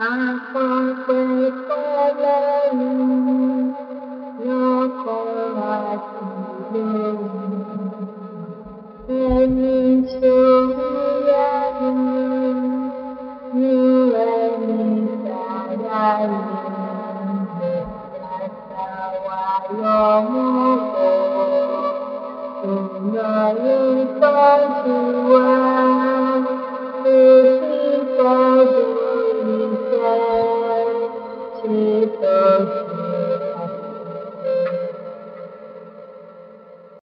Hãy subscribe cho kênh Ghiền Mì Gõ Để không bỏ lỡ những video hấp dẫn Thank you.